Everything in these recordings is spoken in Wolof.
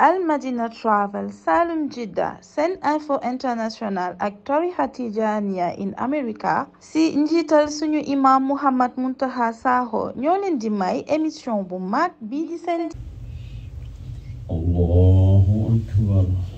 Al Madina Travel Salum seen SeneInfo International ak tarixa Tijaaniya in America si njiital suñu imaam Mouhammad Muntaqa Sakho ñoo leen di may émission bu mag bi di seen Allahu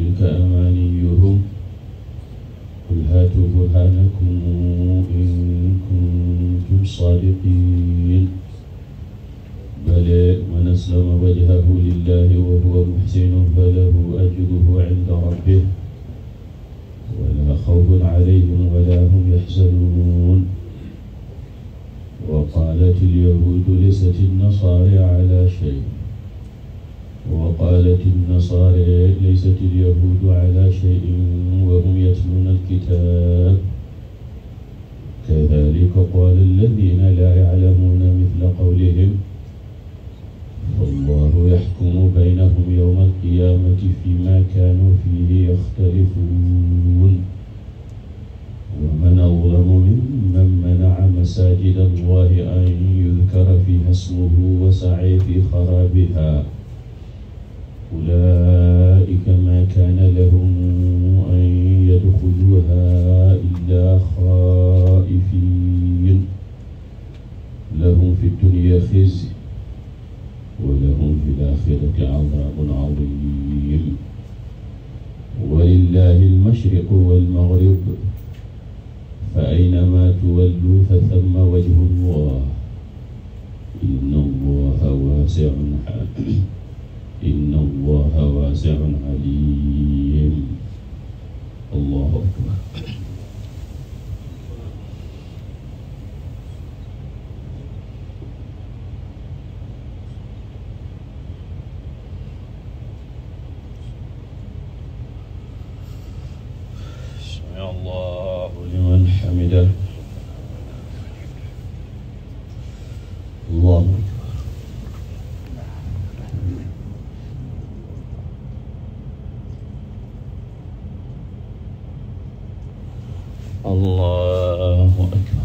tilka amaaniyuhum qul haatu burhaanakum in kuntum saadiqiin bale man aslama wajhahu lillahi wa huwa muhsinun falahu ajruhu inda rabbih wala xawfun alayhim wala hum yaxzanuun wa qaalat alyahuudu laysat annasaara alaa shay وقالت النصارى ليست اليهود على شيء وهم يتلون الكتاب كذلك قال الذين لا يعلمون مثل قولهم فالله يحكم بينهم يوم القيامة فيما كانوا فيه يختلفون ومن أظلم ممن منع مساجد الله أن يذكر فيها اسمه وسعي في خرابها أولئك ما كان لهم أن يدخلوها إلا خائفين لهم في الدنيا خزي ولهم في الآخرة عذاب عظيم ولله المشرق والمغرب فأينما تولوا واسع عليم الله أكبر سمع الله لمن حمده Allahu akbar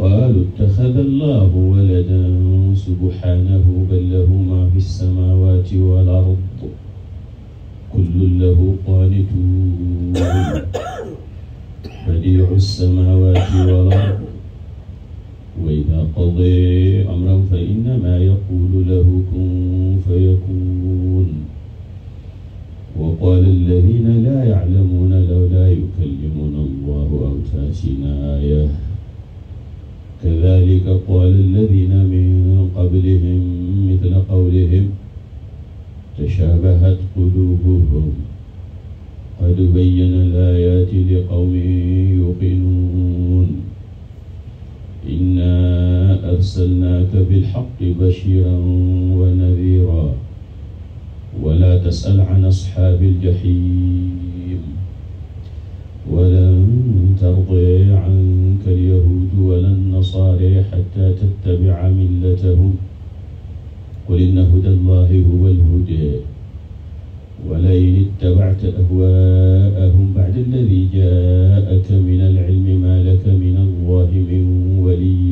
qaalu ittaxada allahu waladan subhaanahu bal lahu maa fi samaawaati wal ard kullun lahu qaanituun badiicu samaawaati wal ard wa idaa qadaa amran fa innamaa yaquulu lahu kun fayakuun wa qaala allaziina laa yaclamuuna lawlaa yukallimunaa allahu aw ta'tiinaa aaya kadhalika qaala alladhina min qablihim mithla qawlihim tashabahat qulubuhum qad bayyana al-ayati liqawmin yuqinun inna arsalnaka bilhaqqi bashiran wa nadhiran wala tas'al an ashaabil jahiim walan tarda anka al-yahuudu walan الصالح حتى تتبع ملتهم قل إن هدى الله هو الهدى ولئن اتبعت أهواءهم بعد الذي جاءك من العلم ما لك من الله من ولي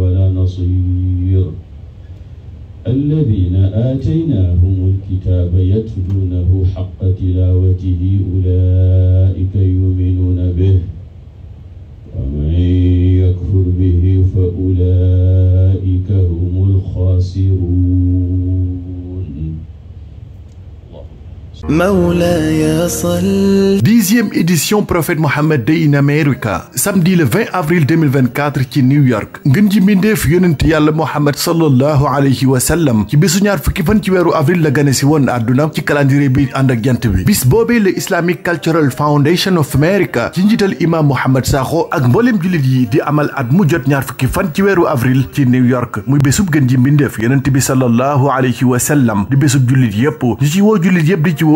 ولا نصير الذين آتيناهم الكتاب يتلونه حق تلاوته أولئك Mawlaya sall. dixième édition prophète Mohammed Day in America samedi le 20 avril 2024 ci New York ngën ji mbindeef yonent yàlla Mohammed sallallahu alayhi wa ci ci bisu ñaar fukki fan ci weeru avril la gane si woon àdduna ci calendrier bi ànd ak jant bi bis boobee le Islamic Cultural Foundation of America ci njiital imaam Mohamed Sakho ak mbooleem jullit yi di amal at mu jot ñaar fukki fan ci weeru avril ci New York muy bésub gën ji mbindeef yonent bi sallallahu alayhi wa sallam di bésub jullit yépp ci woo jullit yépp di